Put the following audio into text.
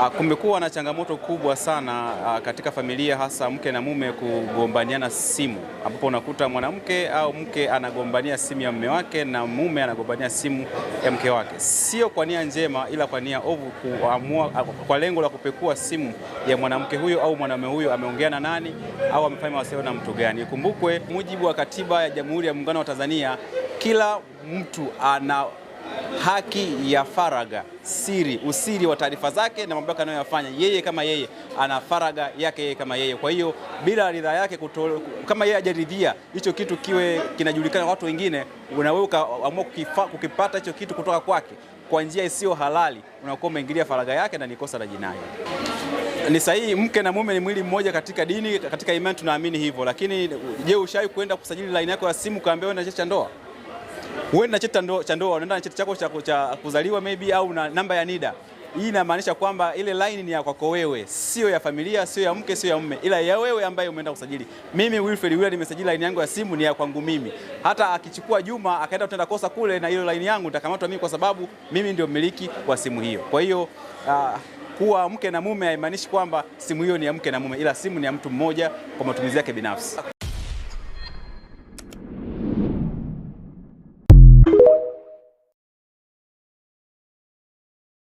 Ah, kumekuwa na changamoto kubwa sana ah, katika familia, hasa mke na mume kugombaniana simu, ambapo unakuta mwanamke au mke anagombania simu ya mume wake na mume anagombania simu ya mke wake, sio kwa nia njema, ila kwa nia ovu, kuamua ah, kwa lengo la kupekua simu ya mwanamke huyo au mwanamume huyo, ameongea na nani au amefanya mawasiliano na mtu gani. Ikumbukwe mujibu wa katiba ya Jamhuri ya Muungano wa Tanzania, kila mtu ana haki ya faraga siri, usiri wa taarifa zake na mamlaka anayoyafanya yeye. Kama yeye ana faraga yake yeye kama yeye, kwa hiyo bila ridhaa yake kutole, kama yeye hajaridhia hicho kitu kiwe kinajulikana watu wengine, na wewe ukaamua kukipata hicho kitu kutoka kwake kwa njia isiyo halali, unakuwa umeingilia faraga yake na ni kosa la jinai. Ni sahihi, mke na mume ni mwili mmoja katika dini, katika imani tunaamini hivyo, lakini je, ushawahi kwenda kusajili laini yako ya simu ukaambiwa unachecha ndoa? Wewe na cheti cha ndoa unaenda na cheti chako cha, cha kuzaliwa maybe au na namba ya NIDA. Hii inamaanisha kwamba ile line ni ya kwako wewe, sio ya familia, sio ya mke, sio ya mume, ila ya wewe ambaye umeenda kusajili. Mimi Wilfred William nimesajili line yangu ya simu ni ya kwangu mimi. Hata akichukua Juma akaenda kutenda kosa kule, na ile line yangu nitakamatwa mimi, kwa sababu mimi ndio mmiliki wa simu hiyo. Kwa hiyo uh, kuwa mke na mume haimaanishi kwamba simu hiyo ni ya mke na mume, ila simu ni ya mtu mmoja kwa matumizi yake binafsi.